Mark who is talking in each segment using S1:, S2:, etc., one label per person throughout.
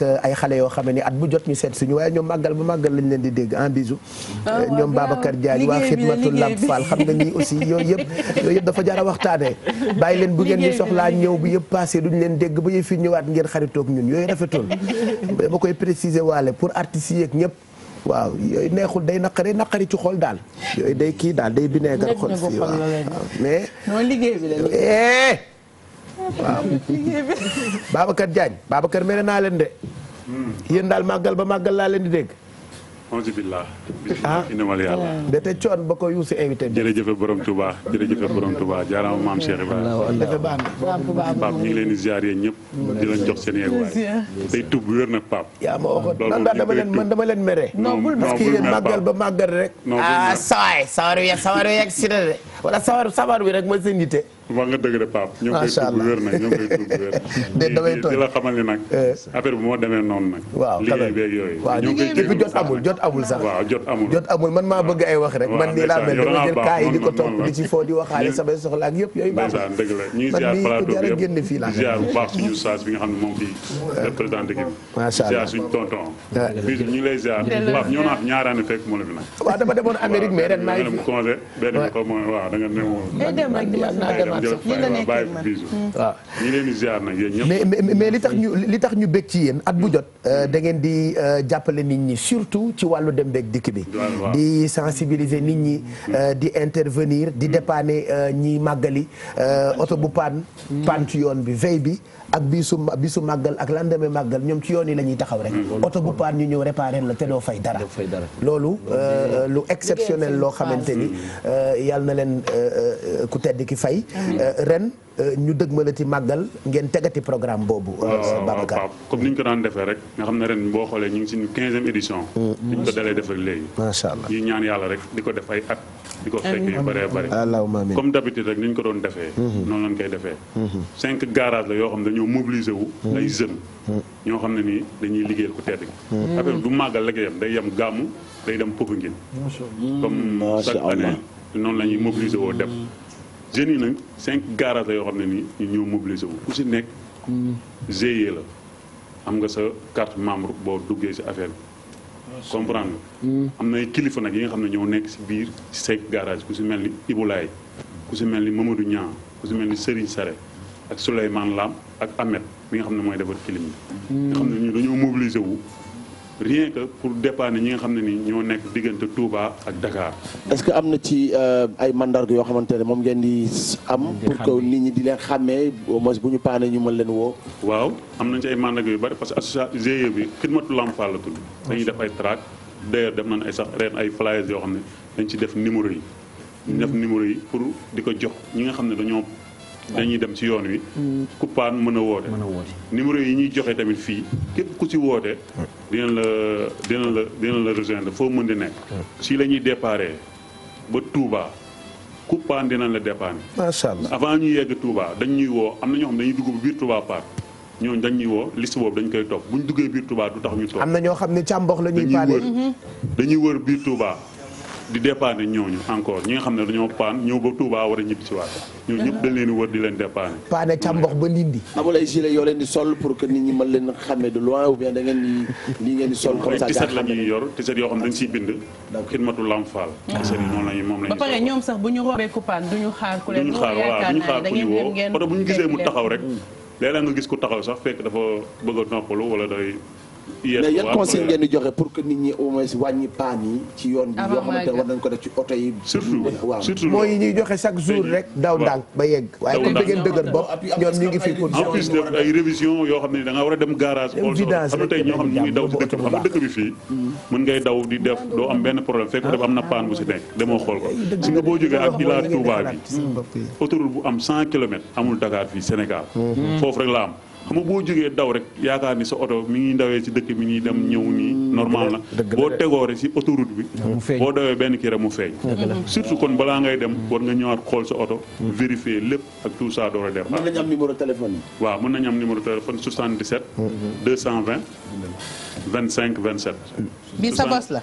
S1: nekk ay xale yoo xam ne at bu jot ñu seet suñu waaye ñoom màggal ba màggal lañ leen di dégg en ah, bisou ah, eh, ñoom Babacar Diagne waa xidmatul lamp a bàyyi leen bu ngeen ñu soxlaa ñëw bu yëpp passé duñ leen dégg ba yëf fi ñëwaat ngeen xaritoog ñun yooyu rafetul dama koy préciser waale pour artistes yeeg ñëpp waaw yooyu neexul day naqari naqari ci xol daal yooyu day kii daal day bineegar xol si waaw mais waaw Babacar Diagne Babacar mere naa leen de. yéen daal màggal ba màggal laa leen di dégg.
S2: alhamdulilah. ah
S1: dete coon ba ko yuusi invité bi.
S2: jërëjëf borom Touba jërëjëf borom Touba jaaraama maam Cheikh Ibrahima. Pape ñu ngi leen di ziar ñëpp. di leen jox seen yeeguwaay. day tub
S1: wér na Pape. yaa ma waxoon man dama leen man dama leen mere. parce que yéen màggal ba màggal rek. non bul mère
S3: ah sawaay sawaru yeeg sawaru si
S1: de. wala sabar sabar bi rek mooy seen yitte. wax nga
S2: dëgg de Pape. macha allah ñoo ngi koy dugg wér nag ñoo ngi koy dugg wér. de damay toog di la xamal ni nag. Eh. affaire bi moo demee
S1: noonu nag. waaw liggéey beeg yooyu. waaw liggéey bi jot amul jot amul sax. waaw jot amul man maa bëgg ay wax rek. man nii laa mel dama jël kaa yi di ko topp ci foo di waxaale samay yëpp yooyu baax na. dëgg la ñu ngi ziar plateau bi yëpp génn fii laa. ziar bu ah.
S2: mu la fi nag. waaw dama waaw Eh, waaw hmm. ah. li mais
S1: mais li tax ñu li tax ñu bég ci yéen at bu hmm. jot. Euh, da ngeen di euh, jàppale nit ñi surtout ci wàllu dem beeg dikk bi. di sensibiliser nit ñi. Hmm. Euh, di intervenir di dépanner ñi màggali oto bu paan. paan ci yoon bi veille bi. ak bi su màggal ak lendemain màggal ñoom ci yoon yi la ñuy taxaw rek. oto bu paan ñu ñëw réparer la te doo fay dara. loolu lu exceptionnel loo xamante ni yàlla na leen. leen euh, ku tedd ki fay euh, ren euh, ñu dëgmalati màggal ngeen tegati programme boobu Babacar
S2: comme ni ñu ko daan defee rek nga xam ne ren boo xoolee ñu ngi suñu quinzième édition mm, mm. ñu ko dalee def rek léegi macha allah ñu ñaan yàlla rek di ko def ay at di ko fekk yu bëree bëri allahumma amiin comme d'habitude rek ni ñu ko doon defee mm-hmm. mm-hmm. cinq garage la yoo xam ne dañoo mobiliser wu mm-hmm. ay jeunes ñoo xam ne nii dañuy liggéeyal ku tedd gi affaire du màggal la koy day yem gàmmu day dem Popenguine comme chaque noonu la ñuy mobiliser woo dem jeunes yi nag cinq garages la yoo xam ne nii ñu ñëw mobiliser wu ku si nekk GIE la am nga sa carte membre boo duggee si affaire bi comprendre nga am nay kilifa nag yi nga xam ne ñoo nekk si biir si cinq garage ku si mel ni Ibulaay ku si mel ni Mamadou Niang ku si mel ni Serigne Sare ak Souleymane Lam ak Ahmed bi nga xam ne mooy defar film bi nga xam ne ñu dañoo mobiliser wu rien que pour dépanner ñi nga xam ne ni ñoo nekk diggante Touba ak Dakar.
S3: est-ce que am na ci euh, ay mandarga yoo xamante ne moom ngeen di am. pour que nit ñi di leen xàmmee au moins bu ñu paane ñu mën leen woo.
S2: waaw am nañ ci ay mandarga yu bari parce que association GIE bi xidmatu Lamfal la tudd. dañuy def ay track d'ailleurs def nañ ay sax ren ay flyers yoo xam ne dañ ci def numéro yi. ñu def numéro yi pour di ko jox ñi nga xam ne dañoo. dañuy dem ci yoon wi. kuppaan mën a woote. mën numéro yi ñuy joxe tamit fii képp ku ci woote. dina la dina la dina la rejoindre foo mën di nekk. si la ñuy déparé ba Touba kuppaan dina la dépanner. macha avant ñu yegg Touba dañ ñuy woo am na ñoo xam dañuy dugg ba biir Touba Park. ñooñu dañuy ñuy woo liste boobu dañ koy topp bu ñu duggee biir Touba du tax ñu topp. am na
S1: ñoo xam ne càmbox la ñuy. dañuy wër mhm.
S2: dañuy wër biir tuubaa di dépanner ñooñu encore ñi nga xam ne dañoo paan ñëw ba Touba war a ñibbi si waat ñooñu ñëpp dañ leen wër di leen dépanner.
S3: paane càmbox ba Ndindi. amul ay gilet yoo leen di sol pour que nit ñi mën leen xàmmee de loin ou bien da ngeen di lii ngeen di sol. comme ça ay xam ne dañ
S2: bind. Ah. ba pare
S3: ñoom sax bu ñu roobee ku paan du ñu xaar ku leen. du xaar waaw du xaar ku ñu gisee mu taxaw rek
S2: léeg-léeg nga gis ku taxaw sax fekk dafa bëgg a noppalu wala day
S3: mais yan conseil ngeen di joxe pour que nit ñi au moins wàññi paan yi ci yoon bi yoo xamante ne war nañ ko def ci oto yi surtout waaw mooy ñuy joxe chaque jour en
S1: plus def
S2: ay révision yoo xam ne da war a dem garage xam na tey ñoo xam ne ñu ngi daw ci dëkk bi fii mën ngay daw di def doo am benn problème fekk def am na paan bu si nekk demoo xool ko si nga boo jógee ak Ila Touba bi autoroute bu am 100 kilomètres amul Dakar fii Sénégal foofu rek la am xam nga boo jógee daw rek yaakaar ni sa oto mi ngi dawee si dëkk mi ngi dem ñëw nii mm. normal na boo tegoore si autoroute bi boo dawee benn kii rek mu feeñ surtout kon balaa ngay dem war nga ñëwaat xool sa oto mm. vérifier lépp ak tout ça door a dem mën nañu am
S3: numéro téléphone yi
S2: waaw mën nañu am numéro téléphone 77 220 25 27
S3: bi sa bos la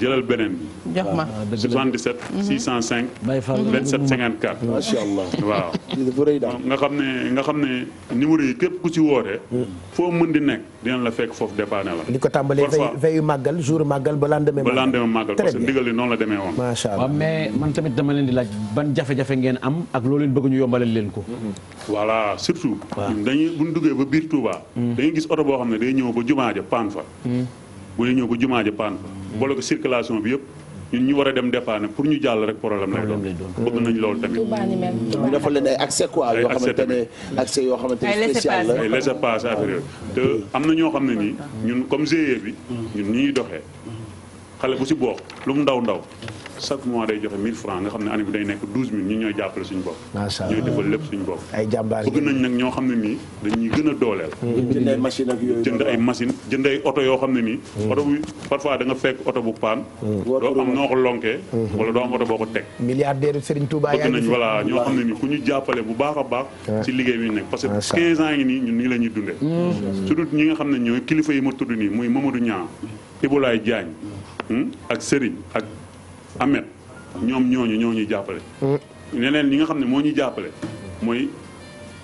S2: jëlal beneen bi.
S3: jox ma 77.
S2: Ah, 605. Mhm. Baye Fall 27 54. macha allah nga xam ne nga xam ne numéro yi képp ku ci woote. Hmm. foo mën di nekk dinañ la fekk foofu dépanné la. li ko tàmbalee veille
S1: veille màggal jour màggal ba lendemain.
S2: ba lendemain màggal parce que ndigal yi noonu la demee
S3: woon. macha allah mais man tamit dama leen di laaj ban jafe-jafe ngeen am ak loolu leen bëgg ñu yombalal leen ko.
S2: voilà surtout. waaw dañuy bu ñu duggee ba biir Touba. Hmm. dañuy gis oto boo xam ne day ñëw ba jumaa ja paan fa. Hmm. bu ñu ñëw ba jumaa ji paan fa bloqué circulation bi yëpp ñun ñu war a dem dépanner pour ñu jàll rek problème lay doon bëgg nañ loolu tamit ñu defal leen ay accès quoi yoo xamante ne
S3: accès yoo xamante ne spécial ay laisser
S2: passer affaire te am na ñoo xam ne nii ñun comme GIE bi ñun ñuy doxee xale bu si bokk lu mu ndaw ndaw chaque mois day joxe 1000 francs nga xam ne année bi day nekk 12000 ñun ñooy jàppale suñu bopp. macha allah ñooy defal lépp suñu ñoo xam ne nii dañuy gën a dooleel. Mm-hmm. jënd ay machine ak yooyu jënd ay machine jënd ay yoo xam ne nii. Mm-hmm. oto bu parfois da nga fekk oto bu paan. Mm-hmm. doo am noo ko wala doo am boo ko teg.
S1: milliardaire Serigne Touba yaa ngi bëgg nañ voilà ñoo xam ne
S2: nii ku ñu jàppale bu baax a baax. Ah. ci liggéey bi ñu nekk parce que ans yi nii ñun nii la ñuy dundee. surtout ñi nga xam ne ñooy kilifa yi ma tudd nii muy Mamadou Niang Ibulaay Diagne ak Serigne ak Ahmed ñoom ñooñu ñoo ñuy jàppale. ñeneen mm. ñi nga xam ne moo ñuy jàppale mooy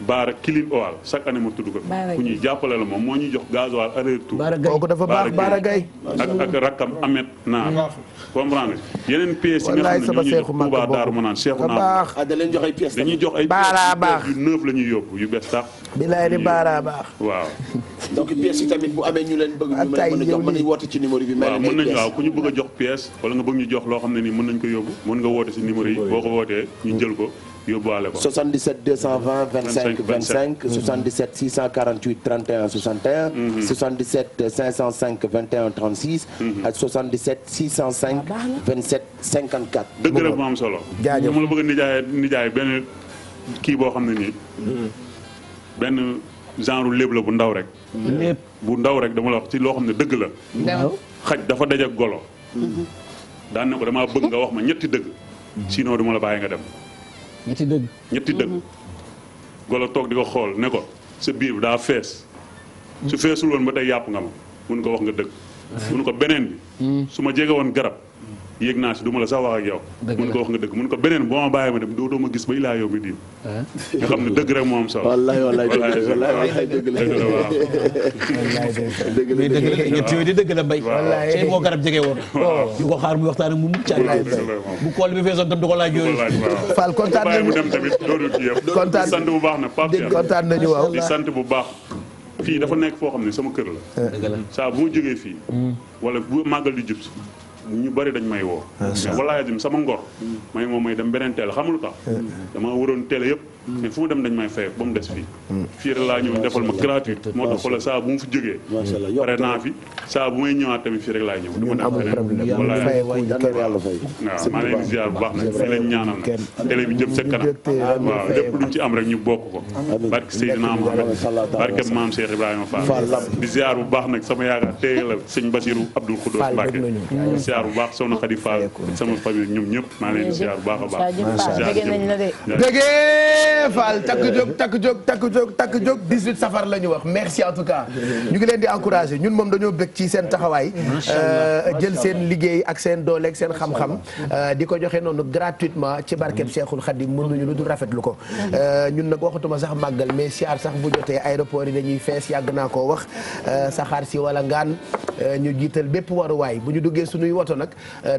S2: Baara Clean Oil chaque année ma tudd ko fi. ku ñuy jàppale la moom moo ñu jox gasoil a
S1: retour Baara Gaye kooku dafa baax Baara Gaye ak
S2: ak rakkam Amet Naar. comprendre yeneen pièces yi nga xam ne ñoo ñuy jox Touba Darou Manane Cheikh Naar. Ah, da leen jox ay pièces dañuy jox ay pièces yu neuf la ñuy yóbbu yu bees tax.
S1: bilaay di Baara baax.
S2: waaw. donc pièces yi tamit
S3: ñu leen bëgg. ak tay yow mën nañu woote ci numéro bi. waaw mën nañu waaw ku ñu
S2: bëgg jox pièce wala nga bëgg jox loo xam ne nii mën nañu ko yóbbu mën nga woote si numéro yi boo ko wootee ñu jël ko yóbbaale ko 77
S3: 220 25 25 77 648 31 61. 77 505 21 36. ak 77 605 27 54. dëgg la mu am
S2: solo. jaajëf mu la bëgg nijaay nijaay benn kii boo xam ne nii. Mm-hmm. benn genre léeb la bu ndaw rek. léeb bu ndaw rek dama la wax ci loo xam ne dëgg la. ndaw xaj dafa daje golo. Mm-hmm. daan na ko damaa bëgg nga wax ma ñetti dëgg. Mm-hmm. sinon du ma la bàyyi nga dem. ñetti dëgg ñetti dëgg golo toog di ko xool ne ko sa biir daa fees su feesul woon ba tey yàpp nga ma mun ko wax nga dëgg mun ko beneen bi hmm. su ma jege woon garab yéeg naa si du ma la sax wax ak yow mun ko wax nga dëgg mun ko beneen boo ma bàyyi ma dem dootoo ma gis ba ilaa yow mi diin
S3: nga
S2: xam ne dëgg rek moo am solo wallaay wallaay dëgg la
S3: di dëgg la mbay ci boo garab jege woon ñu ko xaar muy waxtaan ak moom caay bu kool bi feesoon tam du ko laaj yooyu Fall kontaan nañu mu dem
S2: tamit dootul ci
S3: yëpp kontaan
S2: bu baax na Pape kontaan nañu waaw di sant bu baax fii dafa nekk foo xam ne sama kër la saa bu ma jógee fii hmm. wala bu màggal di jub ñu bari dañ may woo. mais ah, walaay azim sama ngor. may moom may dem beneen télé xamul tax eh, eh. dama waroon teele yëpp. Hmm. mais fu mu dem dañ may fay ba mu des fii. Hmm. fii rek laa ñëw defal ma gratuite moo tax xoolal saa bu mu fi jógee. pare naa fi. saa bu may ñëwaat tamit fii rek laay ñëw. waaw maa leen di bu
S3: baax nag fii leen ñaanal nag télé bi jëm sa kanam waaw lépp
S2: luñ ci am rek ñu bokk ko barke Seydina Mohamed barke maam Cheikh Ibrahima a di ziar bu baax nag sama yaakaar téye la sëñ Basirou Abdoul baax soxna sama famille ñëpp maa leen di bu baax a baax déggee
S1: Fall takk jóg takk jóg takk jóg takk jóg safar la wax merci en tout cas ñu ngi leen di encourager ñun moom dañoo bëgg ci seen taxawaay euh, jël seen liggéey ak seen dooleeg seen xam-xam euh, di ko joxe noonu gratuitement ci seexul barkeb Cheikhul Khadim mënuñu lu dul rafetlu ko euh, ñun nag waxatuma sax màggal mais si siyaar sax bu jotee aéroport yi dañuy fees yàgg naa koo wax saxaar si wala ngaan ñu jiital bépp waruwaay bu ñu duggee suñuy woto nag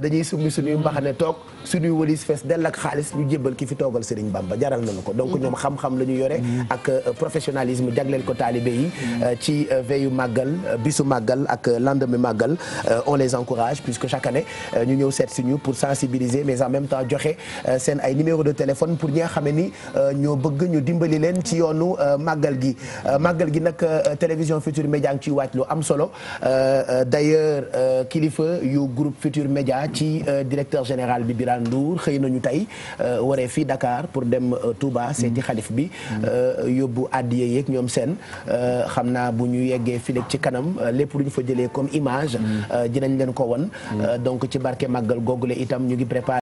S1: dañuy summi suñuy mbaxane toog suñuy walis fees dell ak xaalis ñu jëbal ki fi toogal Serigne ba jaral nañu ko donc ñoom xam-xam la ñu yore ak professionnalisme jagleel ko taalibe yi ci lendemain màggal euh, on les encourage puisque chaque année euh, ñu ñëw seet si ñu pour sensibiliser mais en même temps joxe euh, seen ay numéro de téléphone pour ñi nga xam ne ni ñoo bëgg ñu dimbali leen ci yoonu màggal gi màggal gi nag télévision Futur Média ngi ciy wàcc lu am solo d'ailleurs kilifa yu groupe Futur Média ci directeur général bi Birane Ndour xëy nañu tey waree fii Dakar pour dem Touba seeti xalif bi yóbbu àddiya yeeg ñoom seen xam naa bu ñu yeggee fii ci kanam jëlee comme image. Mm. Euh, dinañ leen ko won mm. euh, donc ci barke màggal googule itam ñu ngi préparé.